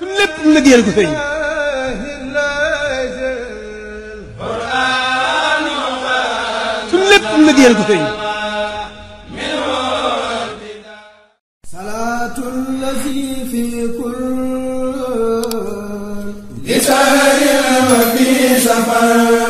suñu lépp ñu liggéeyal ko sëriñ bi liggéeyal ko sëriñ bi salaatu lazi fi kul li sahir wa fi safar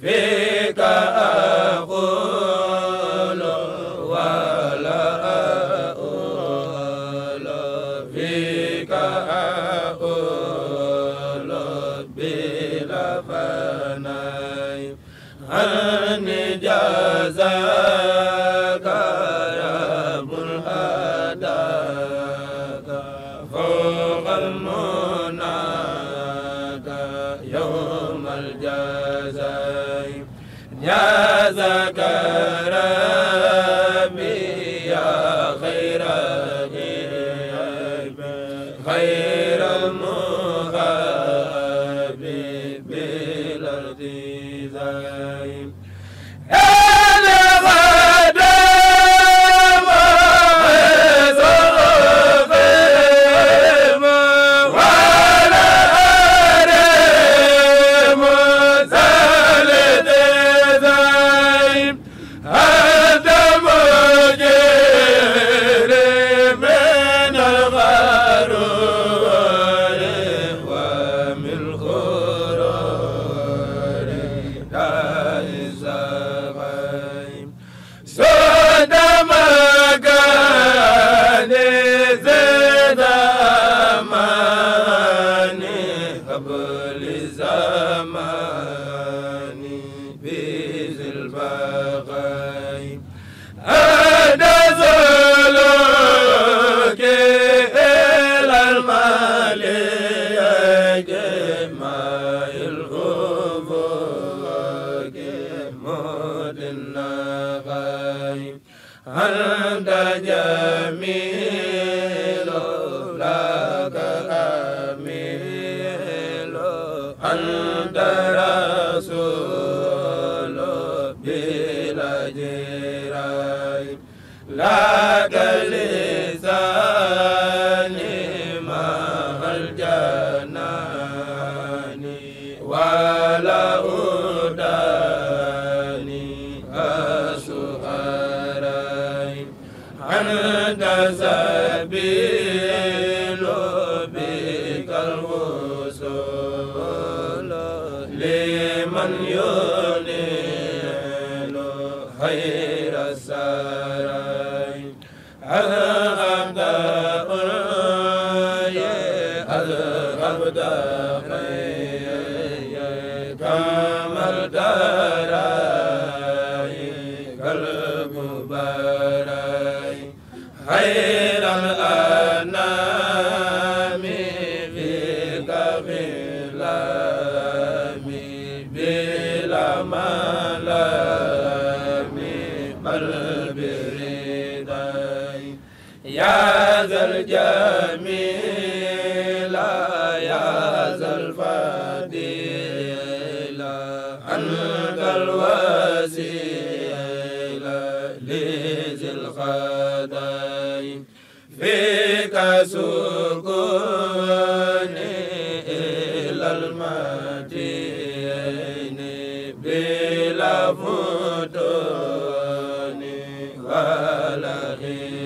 فيك أقول ولا أقول فيك أقول بلا فناي أن جزاك يا منهداك فوق الموت ذكرت بالنبي عند جميع القلب دقيق كما الدرى ذا الجميل يا ذا الفضيل أنت الوسيلة لذي الخدي فيك سكوني إلى المدين بلا فتون ولا غير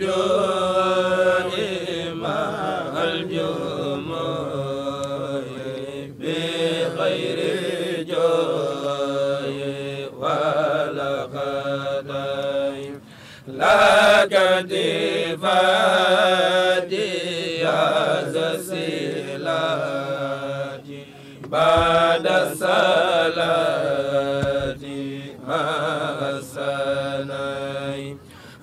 الرجوع مع الجموع بخير جوع ولا غداي لا كتفاتي يا زسيلاتي بعد الصلاه ما السناي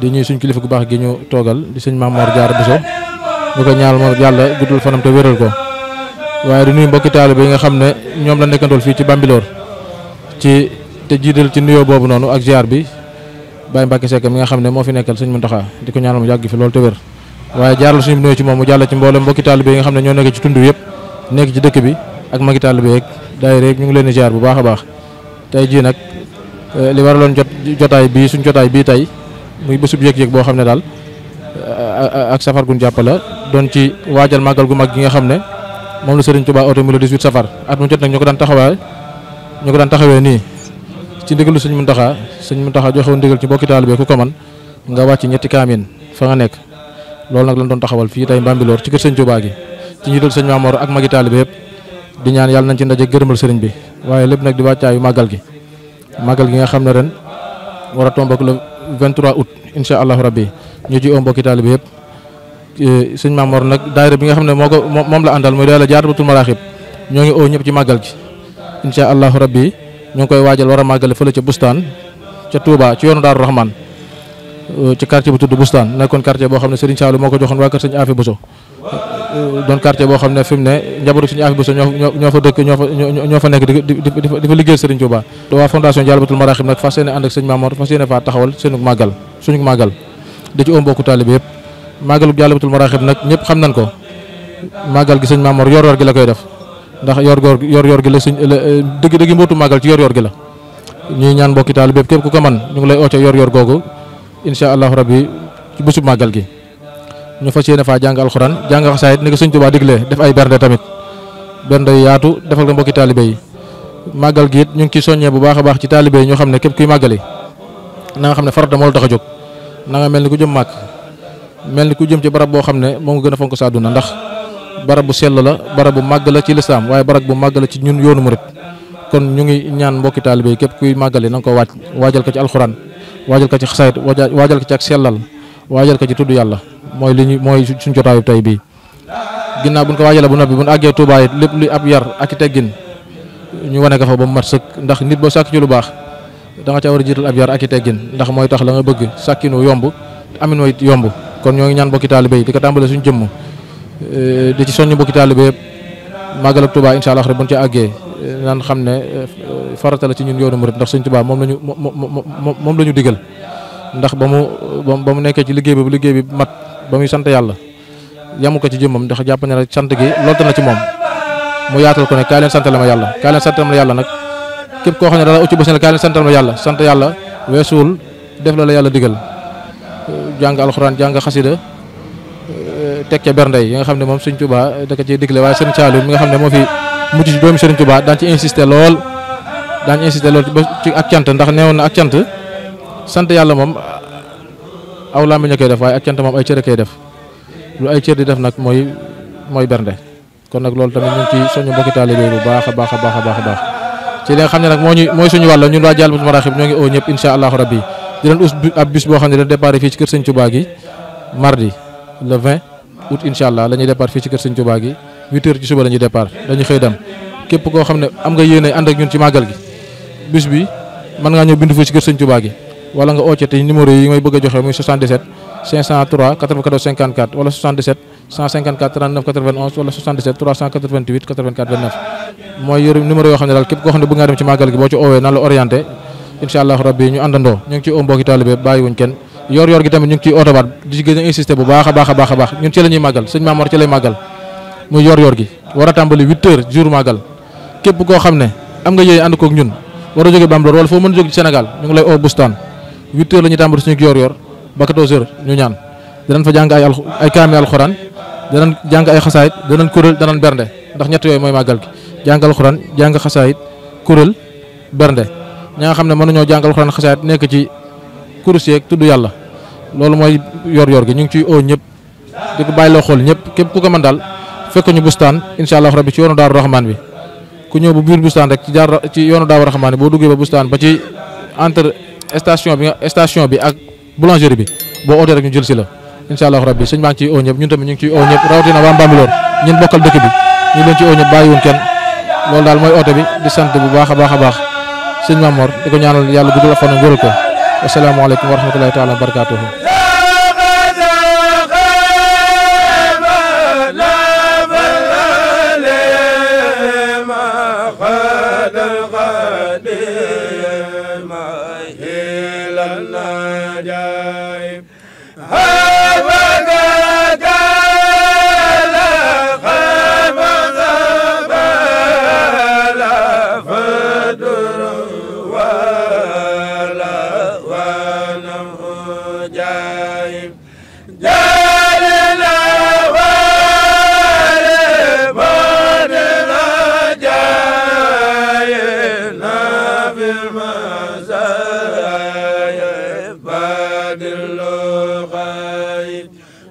di ñuy suñ kilifa gu baax gi ñu toogal di suñ Maam a Jaara Buso ñu ko ñaal ma yàlla guddul fanam te wéral ko waaye di nuyu mbokki taalibe yi nga xam ne ñoom la nekkandool fii ci Bambilor ci te jiital ci nuyoo boobu noonu ak ziar bi Baye Mbacke mi nga ne moo fi nekkal suñ Muntaxa di ko ñaanal mu yàgg fi loolu te wér waaye jaaral suñu nuyoo ci moom mu jàll ci mboolem mbokki taalibe yi nga xam ne ñoo nekk ci tund yëpp nekk ci dëkk bi ak magi taalibe yeeg daayira yeeg ñu ngi leen di ziar bu baax a baax tey jii nag eh, li waraloon jot jotaay bii suñ jotaay bii tey muy bésub yëg-yëg bo xam dal euh, ak safar guñu jappala don ci wajal magal gu mag gi nga xam mom la Serigne Touba auto mu le 18 safar at mu jot nak ñoko ko daan taxawee ñu ko daan taxawee nii ci ndigalu Serigne muntaha Serigne muntaha joxe woon ndigal ci bokki talibé ku ko man nga wacc ñetti kamine fa nga nek lool nak lañ doon taxawal tay mbambi lor ci keur Serigne Touba gi ci ñu dal Serigne Mamor ak magi talibé di ñaan yalla nañ ci ndaje gërëmal Serigne bi waye lepp nak di wàccaayu magal gi magal gi nga xam ren wara a tombe 23 août incha allahu rabbi ñu ci oo mbokki taalibe yëpp sëñ Mamor nag daayira bi nga xam ne moo ko moom la àndal mooy daayira Jaarbatul Maraaxib ñoo ngi oo ñëpp ci màggal gi incha allahu rabbi ñu ngi koy waajal war a màggale fële ca bustaan ca Touba ci yoonu Daaru Rahman Euh, ci quartier bu tuddu Bustaan nekkoon quartier bo xamne Serigne Saliou moko joxone wa keur Serigne Afi Bousso euh, don quartier bo xamne ne fi ne njabootu Serigne Afi Bousso ñoo ñoo fa dëkk ñoo fa ñoo fa nekk di di fa liggéeyal Serigne Touba wa fondation Jalbatul Maraxib nak fas and ak Serigne Mamour fas fa taxawal seenu magal suñu magal di ci ëm bokku taalibe yëpp màggalu Dialbatul Maraxib nag xam nañ ko magal gi Serigne Mamour yor yor gi la koy def ndax yor gor yor yor gi la Serigne deug deug mbotu magal ci yor yor gi la ñi ñaan mbokki taalibe yëpp ku ko man ñu ngi lay oote yor yor gogo Insya Allah rabbi ci bésub magal gi ñu fas fa faa alquran jang jàng xasaayit ne ko señtu ba diglé def ay berde tamit berde yaatu defal na mbokki talibé yi magal gi ñu ci bu baaxa baax ci talibé ñu xamné kep kuy magalé na nga xamné farata mo la taxajuk na nga melni ku jëm mak melni ku jëm ci barab bo xamné mo nga gëna fonk sa ndax barab bu sel la barab bu màgg la ci l'islam waye barab bu màgg la ci ñun yoonu murit kon ñu ngi ñaan mbokki talibé Kep kuy magalé nang ko Al waajal ko ci alquran wajal ko ci xayit wajal ko ci ak selal wajal ko ci tuddu yalla moy li moy suñu suñ tay bi ginnaw buñ ko waajalee bu noppi buñ agge Tuubaa it lepp luy ab yar ak teggin ñu wone ko fa bu mat ndax nit bo ci lu bax da nga ca wara ab yar ak teggin ndax moy tax la nga bëgg yomb amin yomb kon ñoo ngi ñaan bokki talibé yi di ko tàmbale suñu euh di ci soññ bokki talibé magal ak Tuubaa inshallah allah rek buñ ci agge Eh, naan xam ne eh, eh, farata la ci ñun yoonu murid ndax Sëñ Tuubaa moom lañu moom la ñu digal ndax ba mu ba mu nekkee ci liggéey bi bu liggéey bi mat ba muy sant yàlla yamu ko ci jëmmam ndax jàpp na rek sant gi lott na ci moom mu yaatal ko ne kaay leen sant la ma yàlla kaay leen sant la ma yàlla nag képp koo xam ne dala ucc bés ne kaay la ma yàlla sant yàlla weesuwul def la la yàlla digal jàng alxuraan jàng xasida teg ca bernde yi nga xam ne moom Sëñ Tuubaa da ko digle waaye Sëñ Saliou mi nga xam ne moo fi mu ci doomi Serigne Touba dañ ci insister lol dañ insister lol ci ak cant ndax neewoon na ak cant sante yalla mom aw la a koy def way ak cant mom ay cër kay def lu ay cër di def nak moy moy bernde kon nak lol tamit ñu ci soñu mbokki talibé bu baaxa baaxa baaxa a baax baax ci li nga xamne nak moñu moy suñu walla ñun waa Dialibatoul Marakhib ñoo ngi o ñep incha allahu rabbi di len us ab bis bo xamne da dañ départ fii ci kër Serigne Touba gi mardi le 20 août inshallah lañu la ñuy départ fii ci kër Serigne Touba gi 8 heures ci suba lañu départ dañu xëy dem képp ko xamne am nga yéene and ak ñun ci magal gi bis bi man nga ñëw bindu fu ci kër señtu Touba gi wala nga oote te numéro yi may bëgg a joxe muy 77 503 94 54 wala 77 154 39 91 wala 77 388 84 29 moy yor numéro yo xamne dal daal képp koo xam ne bëgg dem ci magal gi bo ci oowee na la orienter inshallah rabbi ñu andando ñu ci ciy oo talibé taalibe wuñ kenn yor yor gi tam ñu ci ciy ootawaat di gëna insister bu baaxa baaxa baaxa baax ñun ci lañuy magal señ mamor ci lay magal mu yor yor gi wara tambali 8 huit heures jour magal kep ko xamne ne am nga yéey ànd kook ñun wara joge jóge wala fo mën joge senegal ñu ngi lay o bustaan 8 heures lañu tambal suñu yor yor ba 14 heures ñu ñaan danañ fa jang ay al ay kaami alxuraan danañ jang ay xasaayit danañ bernde ndax ñett yoy moy magal gi jàng alxuraan jang xasaayit kurel bernde ñi xamne xam ñoo jang al Quran xasaayit nekk ci kursi ak tuddu yalla loolu moy yor yor gi ñu ngi ciy oo ñëpp di ko mandal. ku ko man dal fekk ñu bustan inshallah rabbi ci yoonu daaru rahman bi ku ñew bu biir bustan rek ci jaar ci yoonu daaru rahman bi duggé ba bustan ba ci entre station bi station bi ak boulangerie bi bo auto rek ñu jël ci la inshallah rabbi señ ma ngi ñun ñu ngi rawatina waa lor ñun bokal dëkk bi ñu leen ci o ñep bayiwun kenn lool daal moy auto bi di sante bu baaxa baaxa baax señ baax sëñ Mamor di ko ñaanal yàlla ko wa rahmatullahi taala wabarakatuh.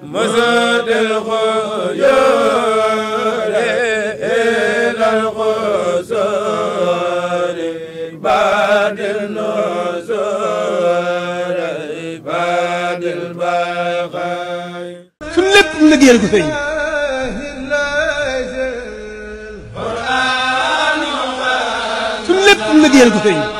liggéeyal ko sëriñ bi lépp liggéeyal ko sëriñ bi